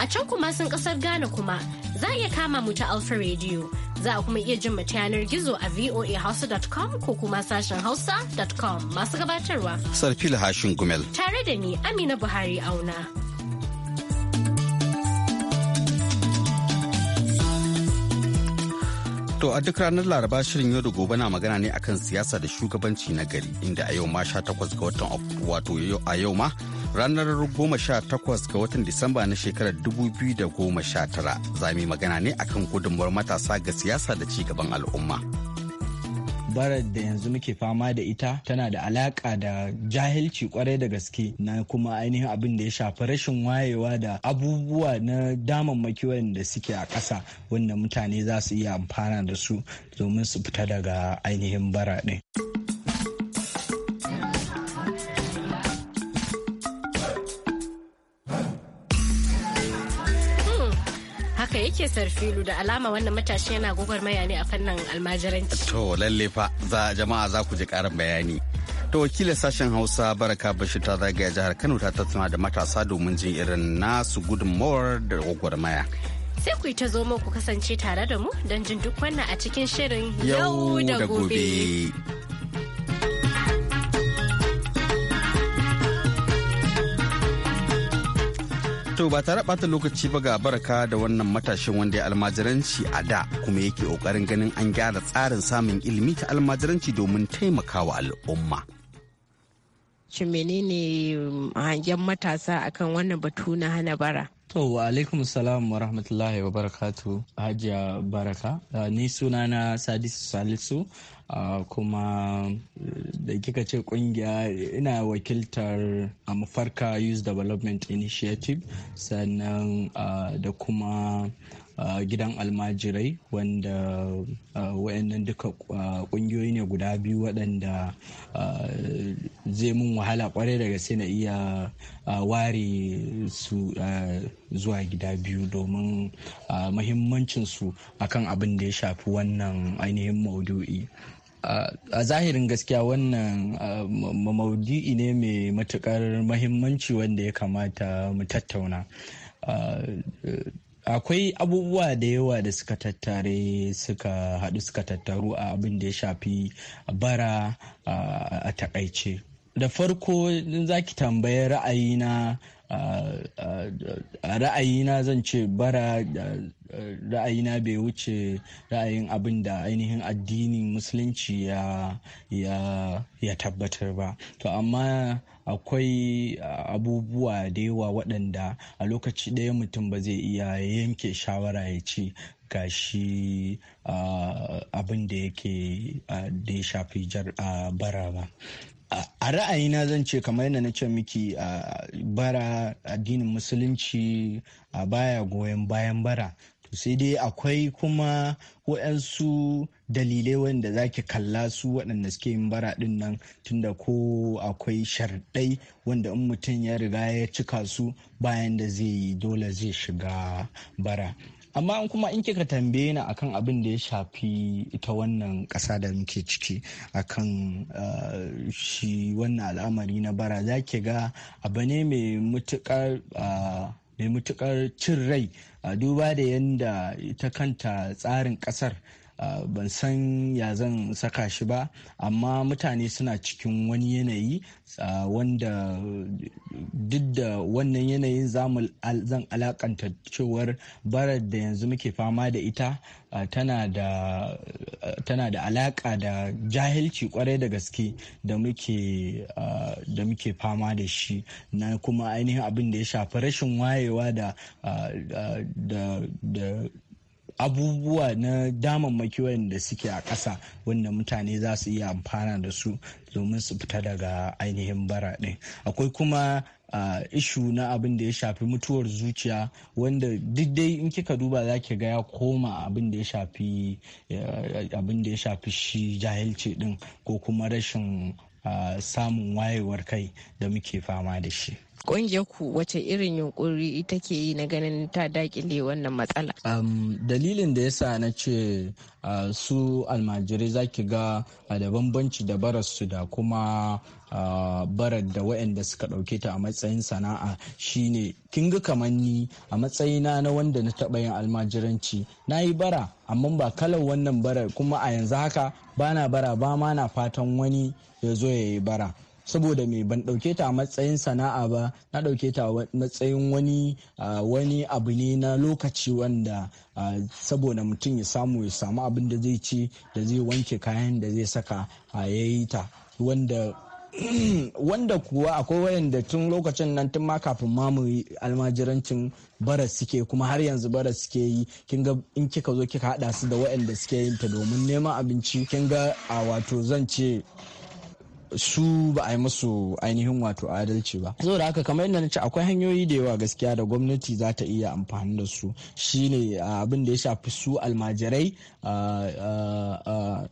A can kuma sun kasar Ghana kuma za a iya kama mu ta Alpha Radio. Za a kuma iya jin mu ta yanar gizo a voahausa.com ko kuma sashen hausa.com masu gabatarwa. Sarfil Hashin Gumel. Tare da ni Amina Buhari Auna. To a duk ranar Laraba shirin yau da gobe na magana ne akan siyasa da shugabanci na gari inda a yau ma 18 ga watan wato a yau ma ranar goma sha takwas ga watan Disamba na shekarar 2019 za mu yi magana ne akan gudunmuwar matasa ga siyasa da ci gaban al'umma. barar da yanzu muke fama da ita tana da alaka da jahilci kwarai da gaske na kuma ainihin abin da ya shafi rashin wayewa da abubuwa na damammaki da suke a ƙasa wanda mutane za su iya amfana da su domin su fita daga ainihin bara ɗin. yake sarfilu da alama wannan matashi yana gwagwarmaya ne a fannin almajiranci. To lalle fa za jama'a za ku ji karin bayani. To wakilin sashen Hausa Baraka Bashir ta zagaya jihar Kano ta tattauna da matasa domin jin irin nasu gudunmawar da gwagwarmaya. Sai ku yi ta zo ku kasance tare da mu don jin duk wannan a cikin shirin yau da gobe. To ba tare bata lokaci ba ga baraka da wannan matashin wanda ya almajiranci a da kuma yake kokarin ganin an gyara tsarin samun ilimi ta almajiranci domin taimakawa al'umma. Shin menene um, hangen matasa akan wannan batu na hana bara? To, wa alaikum salam wa rahmatullahi wa barakatu, Hajiya Baraka. Uh, ni sunana Sadisu Salisu, Ah, kuma da kika ce kungiya ina wakiltar ah, mafarka youth development initiative sannan ah, da kuma gidan almajirai wanda wayannan duka kungiyoyi ne guda biyu waɗanda zai mun wahala kwarai daga sai na iya ware su zuwa gida biyu domin mahimmancinsu akan abin da ya shafi wannan ainihin maudu'i. a zahirin gaskiya wannan maudu'i ne mai matukar mahimmanci wanda ya kamata mu tattauna akwai abubuwa da yawa da suka tattare suka haɗu suka tattaru a abin da ya shafi bara a takaice da farko za ki tambayi na. A ra'ayina zan ce bara ra'ayina bai wuce ra'ayin abin da ainihin addinin musulunci ya tabbatar ba to amma akwai abubuwa da yawa waɗanda a lokaci ɗaya mutum ba zai iya yanke shawara ya ci ga shi abin da yake da ya shafi bara ba a ra'ayina zan ce kamar yadda na ce miki a bara addinin musulunci a baya goyon bayan bara to sai dai akwai kuma waɗansu dalilai wanda zaki kalla su waɗanda suke yin bara ɗin nan tunda ko akwai sharɗai wanda in mutum ya riga ya cika su bayan da zai yi dole zai shiga bara amma in kuma in kika tambaye ni akan abin da ya shafi ita wannan ƙasa da muke ciki akan eh, shi wannan al'amari na bara za ki ga abu ne mai mutukar eh, cin rai a duba da yadda ita kanta tsarin kasar Ah, ban san ya zan saka shi ba amma mutane suna cikin wani yanayi ah, wanda duk da wannan yanayin zan alakanta cewar barar da yanzu muke fama da ita ah, tana da alaka da jahilci kwarai da gaske da muke fama da shi na kuma ainihin abin da ya shafi rashin wayewa da abubuwa na daman damammaki da suke a ƙasa wanda mutane za su iya amfana da su domin su fita daga ainihin bara ɗin akwai kuma uh, ishu na abin da ya shafi mutuwar zuciya wanda duk dai in kika duba za ki ga ya koma abin da ya shafi shi jahilci ɗin ko kuma rashin uh, samun wayewar kai da muke fama da shi ƙungiyar ku wace irin yunkuri ita ke yi na ganin ta dakile wannan matsala? dalilin da yasa na ce su almajirai ki ga da bambanci da bararsu da kuma Uh, barar da waɗanda suka ɗauke ta a matsayin sana'a shine kin ga kamar ni a matsayina na wanda na taɓa yin almajiranci na yi bara amma ba kalar wannan barar kuma a yanzu haka bana bara ba ma na fatan wani ya zo ya yi bara saboda me ban ɗauke ta a matsayin sana'a ba na ɗauke ta a matsayin wani wani abu ne na lokaci wanda saboda mutum ya samu ya samu abin da zai ci da zai wanke kayan da zai saka a yayi ta wanda wanda kuwa akwai wayanda tun lokacin nan tun ma kafin mamu almajirancin bara suke kuma har yanzu bara suke yi kin in kika zo kika hada su da wayanda suke yin ta domin neman abinci kin a wato zan ce su ba a yi musu ainihin wato adalci ba da haka kamar yadda na ce akwai hanyoyi da yawa gaskiya da gwamnati za ta iya amfani da su shine ah, abin da ya shafi su almajirai ah, ah,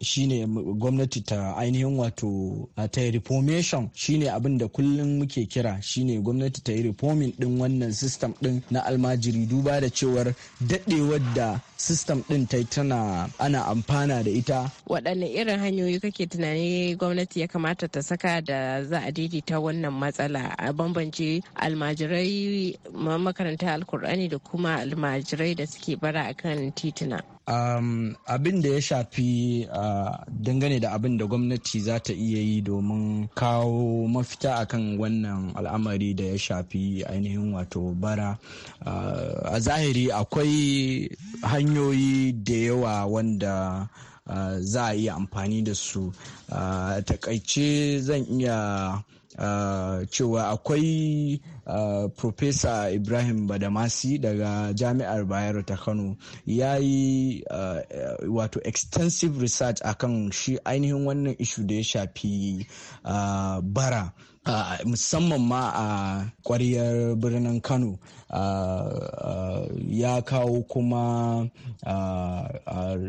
shine gwamnati ta ainihin wato ta yi reformation shine abin da kullum muke kira shine gwamnati ta yi reforming din wannan system din na almajiri duba da cewar daɗewar da system din ta tana ana amfana da ita waɗanne irin hanyoyi kake tunani gwamnati ya kamata ta saka da za a daidaita wannan matsala a bambance almajirai makaranta alkur'ani da kuma almajirai da suke bara akan tituna um, abin da ya shafi uh, dangane da abin da gwamnati za ta iya yi domin kawo mafita akan wannan al'amari da ya shafi ainihin wato bara uh, a zahiri akwai hanyoyi da yawa wanda uh, za a iya amfani da su uh, takaice zan iya Ah, cewa akwai ah, Profesa Ibrahim Badamasi daga Jami'ar Bayero ta Kano ya yi ah, wato extensive research akan shi ainihin wannan ishu da ya shafi bara. Uh, musamman ma a uh, kwariyar birnin kano uh, ya kawo kuma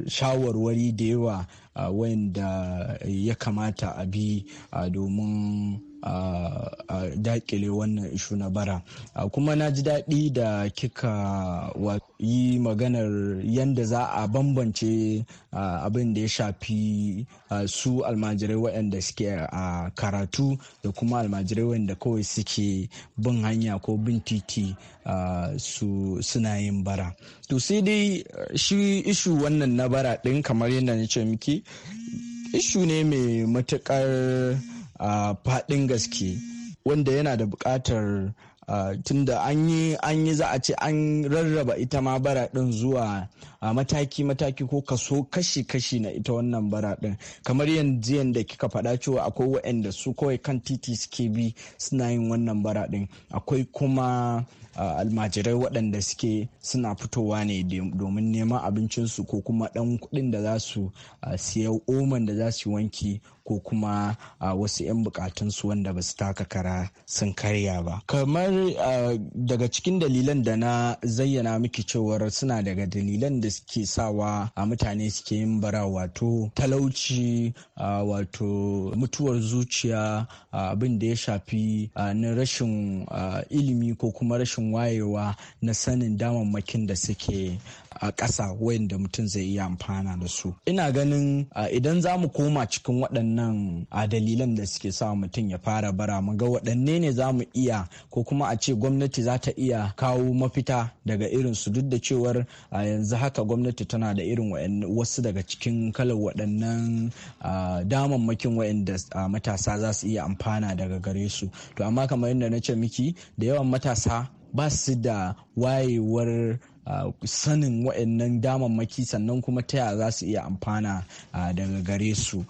shawarwari da yawa wanda ya kamata a bi domin a dakile wannan ishu na bara kuma na ji daɗi da kika yi maganar yadda za a bambance abin da ya shafi su almajirai waɗanda suke a karatu da kuma almajirai waɗanda kawai suke bin hanya ko bin titi su suna yin bara to sai dai shi ishu wannan na bara ɗin kamar yadda na ce miki ishu ne mai matuƙar a faɗin gaske wanda yana da bukatar tunda an yi an yi za a ce an rarraba ita ma bara din zuwa mataki-mataki ko kaso kashi-kashi na ita wannan bara din kamar yanzu yadda kika faɗa cewa akwai wa'anda su kawai kan titi suke bi suna yin wannan bara din akwai kuma almajirai waɗanda suke suna fitowa ne domin neman abincinsu ko kuma ɗan kuɗin da za su siya oman da za su wanki ko kuma ah, wasu 'yan bukatunsu wanda ba su taka kara sun karya ba kamar ah, daga cikin dalilan da na zayyana miki cewar suna daga dalilan da suke sawa a ah, mutane suke yin bara wato talauci wato mutuwar zuciya abin da ya shafi na rashin ilimi ko kuma rashin wayewa na sanin damammakin da suke a ƙasa wayanda mutum zai iya amfana da su ina ganin idan za mu koma cikin waɗannan dalilan da suke sa mutum ya fara bara mu ga waɗanne ne za mu iya ko kuma a ce gwamnati za ta iya kawo mafita daga irin su duk da cewar yanzu haka gwamnati tana da irin wasu daga cikin kalar waɗannan damammakin wayanda matasa za su iya amfana daga gare su to amma kamar yadda na ce miki da yawan matasa ba su da wayewar sanin wa'annan damammaki sannan kuma ta yaya za su iya amfana daga gare su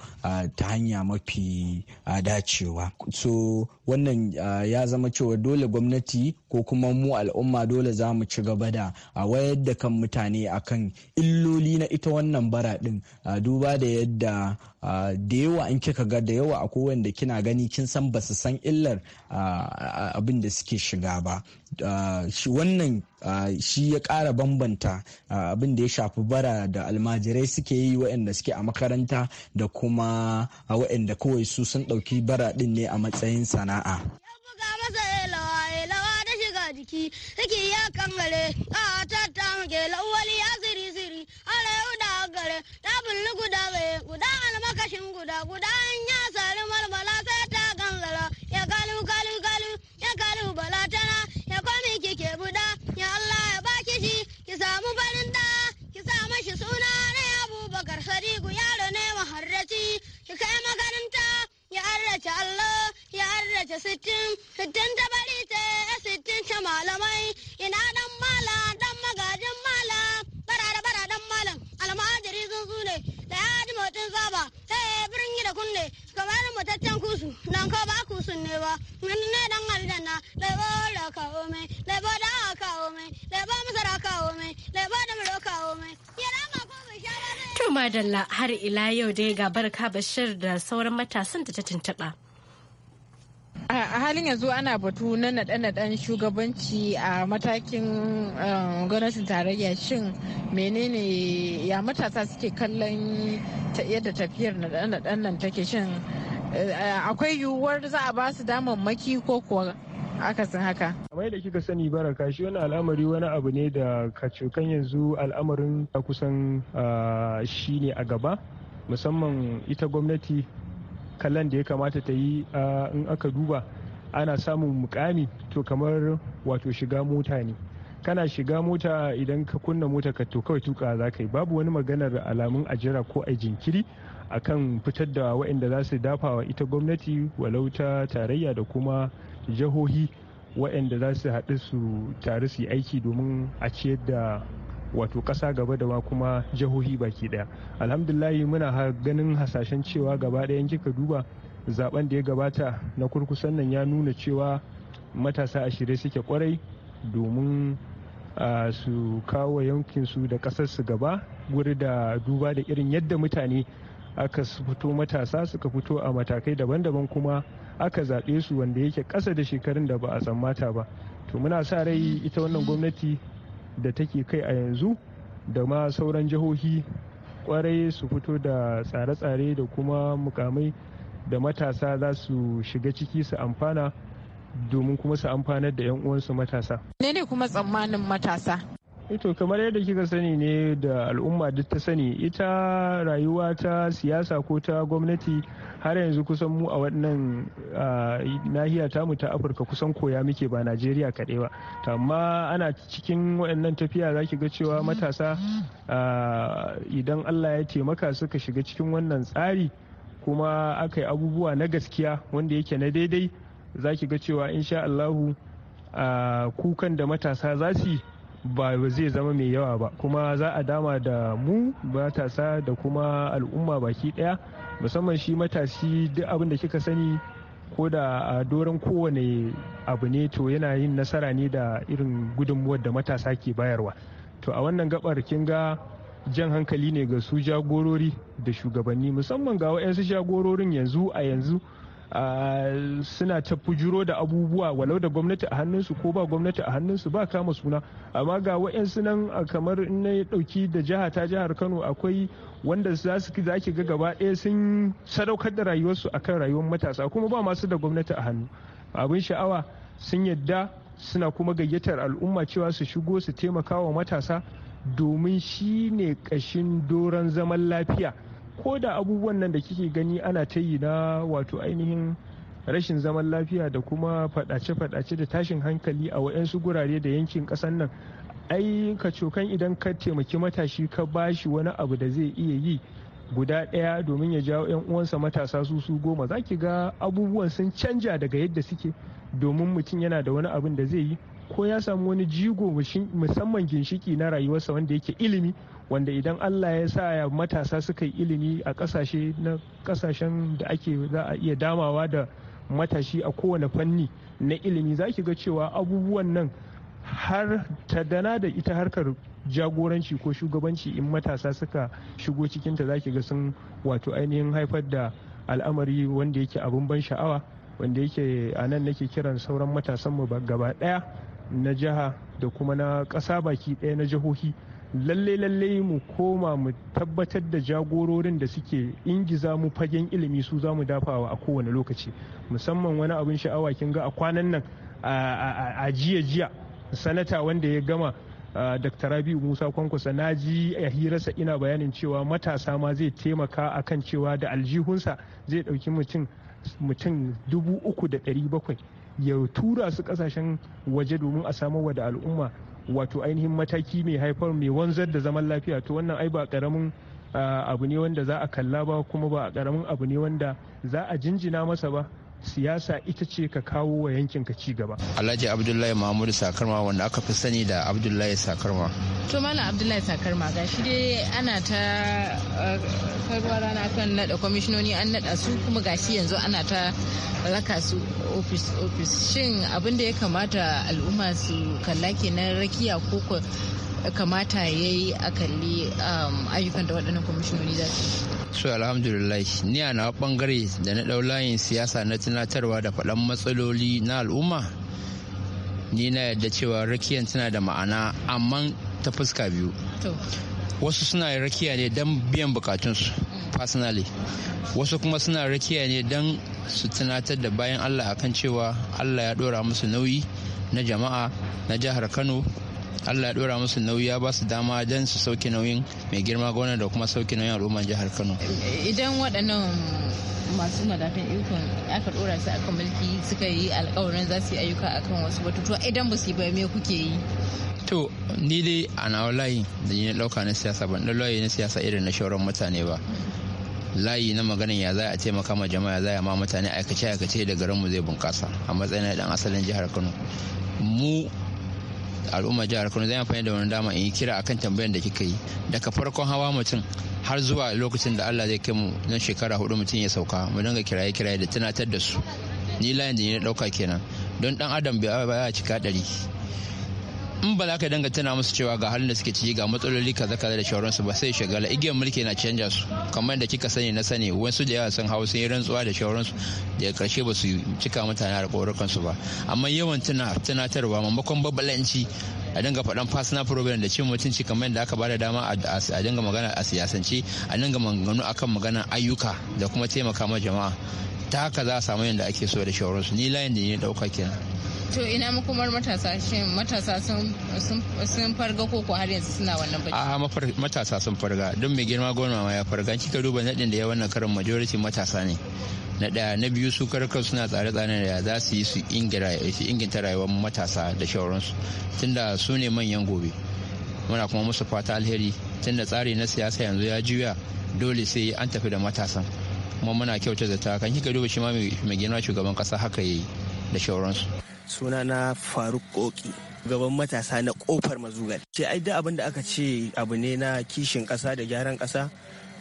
ta hanya mafi dacewa so wannan ya zama cewa dole gwamnati ko kuma mu al'umma dole za mu ci gaba da wayar da kan mutane akan illoli na ita wannan bara din duba da yadda Ah, da yawa in kika ga da yawa akwai wanda kina gani kin san ba su san illar ah, abin da suke shiga ba ah, wannan shi ya kara bambanta abin da ya shafi bara da almajirai suke yi waɗanda suke a makaranta da kuma waɗanda kawai su sun ɗauki bara ɗin ne a matsayin sana'a. Ya buga masa lawa, lawa da shiga jiki, yi. kashin guda guda in ya sari marmala sai ta ganzara ya kalu kalu kalu ya kalu balatana ya komi kike buda ya Allah ya baki shi ki samu barin da ki samu shi suna na abubakar sadiku yaro ne maharraci ki kai makaranta ya arrace Allah ya arrace sittin sittin ta bari ta sittin ta malamai ina dan mala dan magajin mala bara da dan malam almajiri sun ne da ya ji motin zaba birni da kunne ka ba ni mutaccen kusu dan ka ba kusu ne ba wani ne dan aljanna laibo da kawo mai laibo da kawo mai laibo masara kawo mai laibo da muro kawo mai yana ma ko to madalla har ila yau dai ga barka bashir da sauran matasan da ta tuntuɓa. A halin yanzu ana batu na naɗe-naɗen shugabanci a matakin um, gwamnatin tarayya shin menene ya matasa suke kallon yadda tafiyar naɗe-naɗen nan take shin eh, akwai yiwuwar za a ba su damammaki ko kuwa akasin haka. kamar da kika sani baraka shi wani al'amari wani abu ne da kacokan yanzu al'amarin kusan ah, shi ne a gaba musamman ita gwamnati kallon da ya kamata ta yi in aka duba ana samun mukami to kamar wato shiga mota ne kana shiga mota idan ka kunna mota ka to kawai tuka za ka yi babu wani maganar alamun ajira ko a jinkiri akan fitar da waɗanda za su dafa wa ita gwamnati walauta tarayya da kuma jihohi waɗanda za su haɗu su tare su yi aiki domin a ciyar da wato ƙasa gaba da ma kuma jihohi baki ɗaya alhamdulahi muna ganin hasashen cewa gaba ɗayan kika duba zaben da ya gabata na kurkusan nan ya nuna cewa matasa a shirye suke kwarai domin su kawo yankinsu da ƙasar su gaba guri da duba da irin yadda mutane aka fito matasa suka fito a matakai daban-daban kuma aka zaɓe su wanda yake ƙasa da shekarun da ba a tsammata ba to muna sa rai ita wannan gwamnati da take kai a yanzu da ma sauran jihohi kwarai su fito da tsare-tsare da kuma mukamai da matasa za su shiga ciki su amfana domin kuma su amfanar da 'yan uwansu matasa. Ne ne kuma tsammanin matasa? ito eh kamar yadda kika sani ne da al'umma duk ta sani ita rayuwa ta siyasa ko ta gwamnati har yanzu kusan mu a wannan nahiya tamu ta afirka kusan koya muke ba najeriya kaɗai ba amma ana cikin waɗannan tafiya za ki ga cewa matasa idan allah ya taimaka suka shiga cikin wannan tsari kuma aka yi abubuwa na gaskiya wanda yake na daidai za ki ga cewa insha allahu kukan da matasa za su yi ba zai zama mai yawa ba kuma za a dama da mu matasa da kuma al'umma baki daya musamman shi matashi duk abin da kika sani ko da a doron kowane abu ne to yana yin nasara ne da irin gudunmuwar da matasa ke bayarwa to a wannan gabar kin ga jan hankali ne ga su jagorori da shugabanni musamman ga wayansu jagororin yanzu a yanzu suna ta fujiro da abubuwa walau da gwamnati a hannunsu ko ba gwamnati a hannunsu ba kama suna amma ga wa'yansu nan kamar in na ɗauki da jiha ta jihar kano akwai wanda za su ki zaki ga gaba ɗaya sun sadaukar da rayuwarsu akan rayuwar matasa kuma ba masu da gwamnati a hannu abin sha'awa sun yadda suna kuma gayyatar al'umma cewa su shigo su taimaka wa matasa domin shi ne ƙashin doron zaman lafiya ko da abubuwan nan da kike gani ana ta yi na wato ainihin rashin zaman lafiya da kuma fadace-fadace da tashin hankali a waɗansu gurare da yankin kasan nan ai ka cokan idan ka taimaki matashi ka bashi wani abu da zai iya yi guda ɗaya domin ya jawo 'yan uwansa matasa su su goma za ki ga abubuwan sun canja daga yadda suke domin mutum yana da wani abin da zai yi ko ya samu wani jigo musamman ginshiki na rayuwarsa wanda yake ilimi wanda idan allah ya sa ya matasa suka yi ilimi a kasashe na kasashen da ake za a iya damawa da matashi a kowane fanni na ilimi za ki ga cewa abubuwan nan har ta dana da ita harkar jagoranci ko shugabanci in matasa suka shigo cikinta za ki ga sun wato ainihin haifar da al'amari wanda yake abin ban sha'awa wanda yake a nan nake kiran sauran matasanmu gaba daya na jiha da kuma na ƙasa baki ɗaya na jihohi lalle lalle mu koma mu tabbatar da jagororin da suke ingiza mu fagen ilimi su za mu dafawa a kowane lokaci musamman wani abin sha'awa kin ga a kwanan nan a jiya jiya sanata wanda ya gama dr rabiu musa kwankwasa na ji a hirarsa ina bayanin cewa matasa ma zai taimaka a kan cewa da aljihunsa zai dauki mutum mutum dubu uku da ɗari bakwai ya tura su kasashen waje domin a samar wa da al'umma wato ainihin mataki mai haifar mai wanzar da zaman lafiya to wannan ai ba karamin ah, abu ne wanda za a kalla ba kuma ba karamin abu ne wanda za a jinjina masa ba siyasa ita ce ka kawo wa yankin ka ci gaba alhaji abdullahi mahmudu sakarma wanda aka fi sani da abdullahi sakarma to mana abdullahi sakarma ga shi dai ana ta karuwa uh, rana kan nada kwamishinoni an nada su kuma gashi yanzu ana ta raka su office office shin abin da ya kamata al'umma su kalla kenan rakiya ko kamata ya yi a kalli um, ayyukan da waɗannan kwamishinoni za su su alhamdulillah ni a nawa bangare da na ɗau layin siyasa na tunatarwa da faɗan matsaloli na al'umma ni na yadda cewa rakiyan tana da ma'ana amma ta fuska biyu wasu suna rakiya ne don biyan bukatunsu personally wasu kuma suna rakiya ne don su tunatar da bayan allah akan cewa allah ya ɗora musu nauyi na jama'a na jihar kano allah ya dora musu nauyi ya ba su dama don su sauke nauyin mai girma gona da kuma sauke nauyin al'umman jihar kano idan waɗannan masu madafin ikon aka dora su akan mulki suka yi alkawarin za su yi ayyuka akan wasu batutuwa idan ba su yi ba me kuke yi to ni dai a nawa layi da ni ɗauka na siyasa ban ɗan layi na siyasa irin na shauran mutane ba layi na maganin ya za a taimaka ma jama'a za a ma mutane aikace aikace da garinmu zai bunƙasa a matsayin ɗan asalin jihar kano mu al'umma jihar Kano zai amfani da wani dama in yi kira kan tambayar da kika yi daga farkon hawa mutum har zuwa lokacin da Allah zai kai mu nan shekara hudu mutum ya sauka mu dinga kiraye kiraye da tunatar da su ni layin da ni na dauka kenan don dan adam bai a cika dari in ba za ka danga tana musu cewa ga halin da suke ciki ga matsaloli kaza kaza da shauransu ba sai shagala igiyar mulki na canja su kamar da kika sani na sani wasu da yawa sun hau sun yi rantsuwa da shauransu da karshe ba su cika mutane da su ba amma yawan tuna tunatarwa maimakon babalanci a dinga faɗan personal problem da cin mutunci kamar da aka ba da dama a dinga magana a siyasance a dinga maganganu akan maganar ayyuka da kuma taimaka ma jama'a ta haka za a samu yadda ake so da shauransu ni layin da ni ɗauka kenan to ina makomar matasa shin matasa sun farga ko ko har yanzu suna wannan bacci a matasa sun farga don mai girma goma ma ya farga kika duba nadin da ya wannan karin majority matasa ne na ɗaya na biyu su karkar suna tsare-tsare da za su yi su inganta rayuwar matasa da shauransu tunda su ne manyan gobe muna kuma musu fata alheri tunda tsari na siyasa yanzu ya juya dole sai an tafi da matasan kuma muna kyauta da ta kan kika duba shi ma mai girma shugaban kasa haka yi da shauransu suna na faruk koki gaban matasa na kofar mazugal ce ai da abin da aka ce abu ne na kishin kasa da gyaran kasa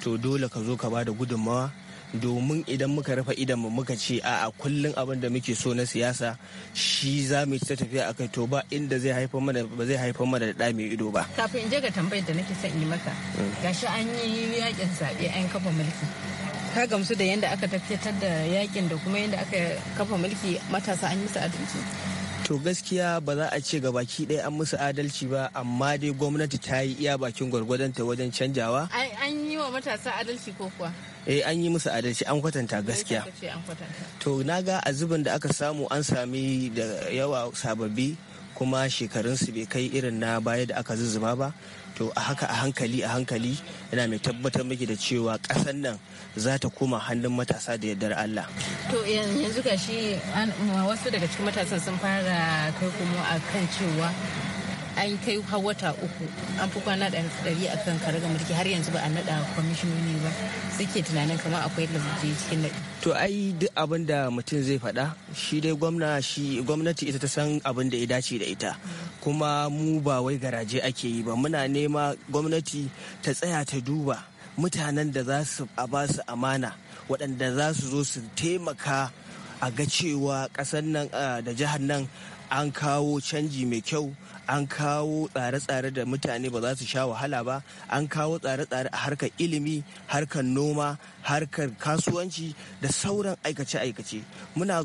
to dole ka zo ka ba da gudunmawa domin idan muka rufe idan mu muka ce a kullum abin da muke so na siyasa shi za mu ta tafiya a kai to ba inda zai haifar mana ba zai haifar mana da da mai ido ba kafin in je ga tambayar da nake son yi maka mm. gashi an yi yakin zaɓe an kafa mulki ka gamsu da yadda aka tafiyatar da yakin da kuma yadda aka kafa mulki matasa an yi musu adalci to gaskiya ba za a ce gabaki ɗaya an musu adalci ba amma dai gwamnati ta yi iya bakin gwargwadonta wajen canjawa an yi wa matasa adalci ko kuwa eh an yi musu adalci an kwatanta gaskiya to naga a zubin da aka samu an sami da yawa sababbi kuma shekarunsu bai kai irin na baya da aka zuzuma ba to a haka a hankali a hankali yana mai tabbatar miki da cewa kasan nan za ta koma hannun matasa da yardar Allah. To yanzu ga shi wasu daga cikin matasan sun fara kai kuma a kan cewa an kai wata uku an fi kwana ɗari a kan karagar mulki har yanzu ba a naɗa kwamishinoni ba suke tunanin kamar akwai lauje cikin naɗi. to ai duk abin da mutum zai faɗa shi dai gwamnati ita ta san abin da ya dace da ita kuma mu ba wai garaje ake yi ba muna nema gwamnati ta tsaya ta duba mutanen da za su a ba su amana waɗanda za su zo su taimaka a ga cewa ƙasar nan da jihar nan an kawo canji mai kyau an kawo tsare-tsare da mutane ba za su sha wahala ba an kawo tsare-tsare a harkar ilimi harkar noma harkar kasuwanci da sauran aikace-aikace muna,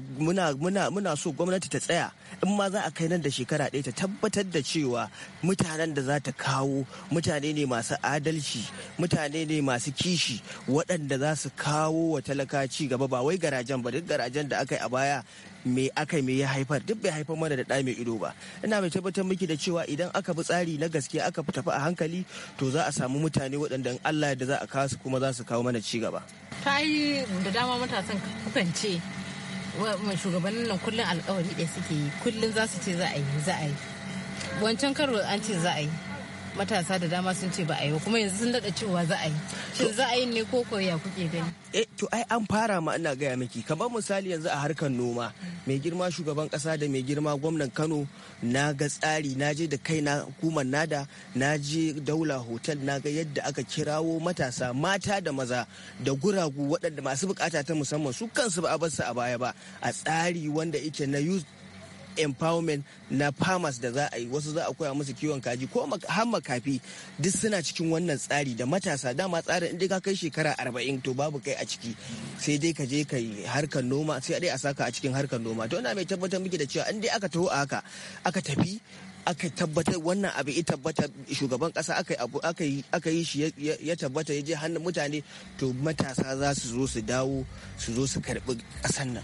so gwamnati ta tsaya in ma za a kai nan da shekara ɗaya ta tabbatar da cewa mutanen da za ta kawo mutane ne masu adalci mutane ne masu kishi waɗanda za su kawo wa talaka ci gaba ba wai garajen ba duk garajen da aka yi a baya me aka me ya haifar duk bai haifar mana da ɗa mai ido ba ina mai tabbatar miki da cewa idan aka bi tsari na gaske aka tafi a hankali to za a samu mutane waɗanda Allah da za a kawo su kuma za su kawo mana ci gaba ta yi da dama matasan kukan ce shugabannin nan kullum alkawari ɗaya suke yi kullum za su ce za a yi za a yi wancan karo an ce za a yi matasa da dama sun ce ba a yi kuma yanzu sun daɗa cewa za a yi shi za a yi ne ko koya kuke gani eh to ai an fara ma ina gaya miki kamar misali yanzu a harkar noma mai girma shugaban kasa da mai girma gwamnan Kano na ga tsari na je da kai na hukumar nada na je daula hotel na ga yadda aka kirawo matasa mata da maza da guragu waɗanda masu bukata ta musamman su kansu ba a bar su a baya ba a tsari wanda yake na youth empowerment na farmers da za a yi wasu za a koya musu kiwon kaji ko har makafi duk suna cikin wannan tsari da matasa dama tsarin inda ka kai shekara arba'in to babu kai a ciki sai dai ka je ka yi harkar noma sai dai a saka a cikin harkar noma to ina mai tabbatar miki da cewa in dai aka taho a haka aka tafi aka tabbatar wannan abu ya tabbata shugaban kasa aka yi shi ya tabbata ya je hannun mutane to matasa za su zo su dawo su zo su karbi kasan nan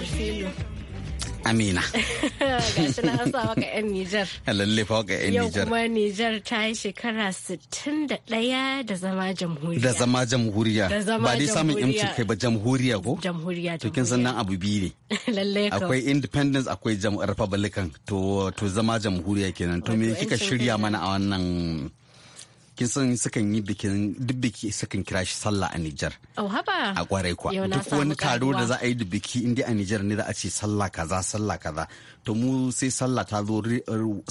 filu. Amina. Gashi na hasa waka 'yan Nijar. fa waka 'yan Nijar. Yau kuma Nijar ta yi shekara 61 da zama jamhuriya. Da zama jamhuriya. Da zama Ba dai samun yanci kai ba jamhuriya ko? Jamhuriya. To kin san nan abu biyu ne. Lallai ka. Akwai independence akwai republican to zama jamhuriya kenan. To me kika shirya mana a wannan kin san sukan yi bikin duk biki sukan kira shi sallah a Nijar. Oh haba. A kwarai kwa. Duk wani taro da za a yi biki biki inda a Nijar ne za a ce sallah kaza sallah kaza. To mu sai sallah ta zo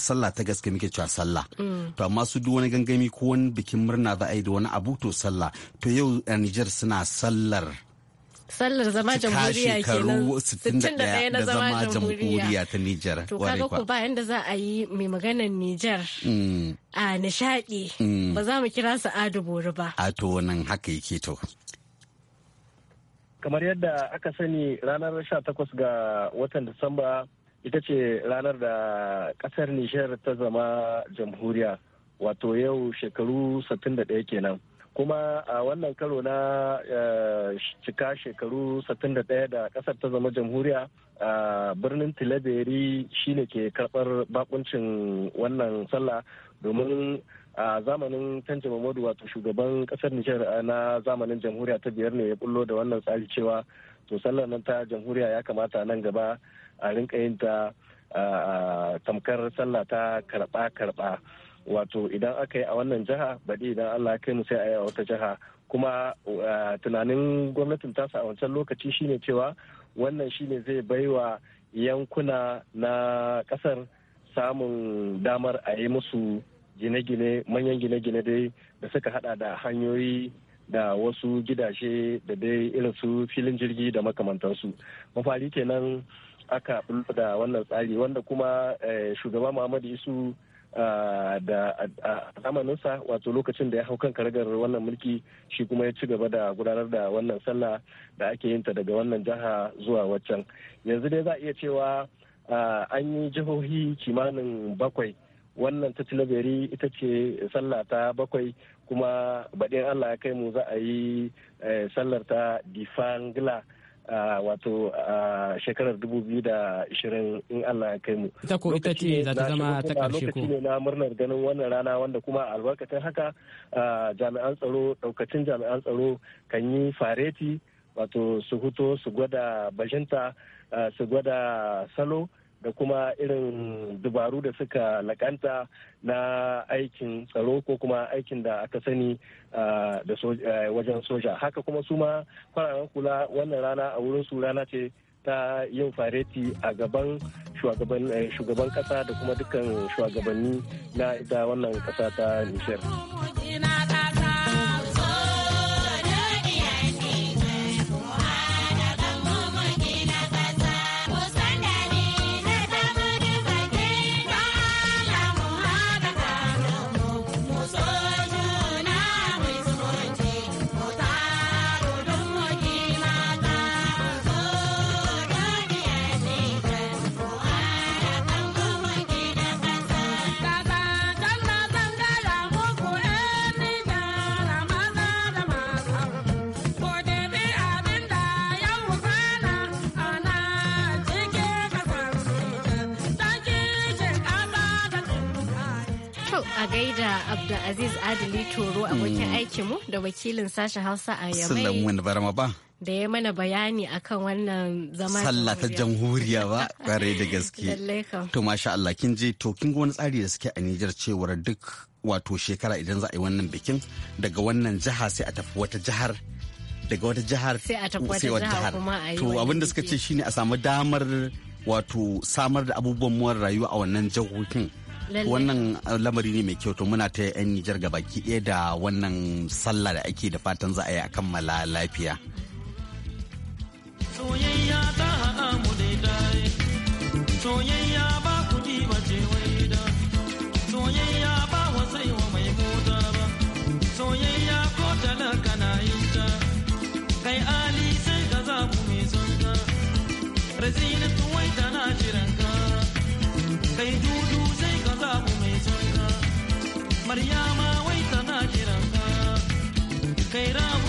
sallah ta gaske muke cewa sallah. Mm. To amma su duk wani gangami ko wani bikin murna za a yi da wani abu to sallah. To yau a Nijar suna sallar sallar zama jamhuriya kenan 61 na zama jamhuriya ta Nijar. To kaga ku ba yanda za a yi mai maganar Nijar mm. a nishadi mm. ba za mu kira su Ado Bori ba. A to nan haka yake to. Kamar yadda aka sani ranar 18 ga watan Disamba ita ce ranar da kasar Nijar ta zama jamhuriya wato yau shekaru 61 kenan. kuma a wannan karo na cika shekaru 61 da kasar ta zama jamhuriya birnin tilaberi shine ke karbar bakuncin wannan sallah domin a zamanin tanja mamadu wato shugaban kasar nijar na zamanin jamhuriya ta biyar ne ya bullo da wannan tsari cewa to sallar nan ta jamhuriya ya kamata nan gaba a rinka yin ta tamkar sallah ta karba karba wato idan aka yi a wannan jiha baɗi idan allah kai mu sai a yi a wata jiha kuma eh, tunanin gwamnatin tasa a wancan lokaci shine cewa wannan shine zai baiwa yankuna na ƙasar samun damar a yi musu gine-gine manyan gine-gine dai da suka hada da hanyoyi da wasu gidaje da dai irin su filin jirgi da makamantansu mafari kenan aka da wannan tsari wanda kuma eh, shugaba muhammadu isu da zamaninsa wato lokacin da ya hau kan karagar wannan mulki shi kuma ya ci gaba da gudanar da wannan sallah da ake yin ta daga wannan jiha zuwa waccan yanzu dai za a iya cewa an yi jihohi kimanin bakwai wannan ta tilabari ita ce sallah ta bakwai kuma baɗin allah ya kai mu za a yi eh, sallar ta difangla wato shekarar 2020 in Allah ya kai mu. Ita ko ita ce za ta zama ta ƙarshe ko? Lokaci ne na murnar ganin wannan rana wanda kuma albarkatun haka jami'an tsaro ɗaukacin jami'an tsaro kan yi fareti wato su huto su gwada bajinta su gwada salo da kuma irin dubaru da suka lakanta na aikin tsaro ko kuma aikin da aka sani uh, da uh, wajen soja haka kuma suma ma fararen kula wannan rana a wurin su rana ce ta yin fareti a gaban shugaban uh, kasa da kuma dukkan shugabanni na ita wannan kasa ta nishar. Aziz Adili Toro abokin hmm. mu da wakilin sashen Hausa a Yamai. ba. da ya mana bayani akan wannan zama sallah ta jamhuriya ba kware da gaske to masha Allah kin je to kin ga wani tsari da suke a Nijar cewar duk wato shekara idan za a yi wannan bikin daga wannan jiha sai a tafi wata jihar daga wata jihar sai a tafi wata jihar to abin da suka ce shine a samu damar wato samar da abubuwan muwar rayuwa a wannan jihohin wannan uh, lamari ne mai kyau to muna ta yan nijar ga baki ɗaya da wannan sallah da ake da fatan za a yi a kammala lafiya. Fade away.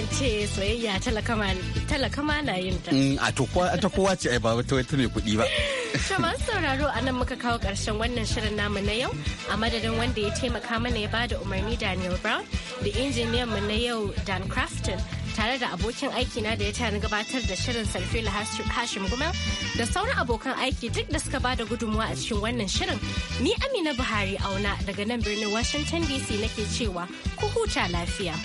an ce soyayya talakama na yin ta. Mm, a ta kowa ce ai ba ta wata mai kuɗi ba. sauraro a nan muka kawo ƙarshen wannan shirin namu na yau a madadin wanda ya taimaka mana ya ba da umarni Daniel Brown da injiniyan na yau Dan Crafton tare da abokin aikina da ya tana gabatar da shirin sarfila hashim gumel da sauran abokan aiki duk da suka ba da gudunmuwa a cikin wannan shirin ni amina buhari auna daga nan birnin washington dc nake cewa ku huta lafiya.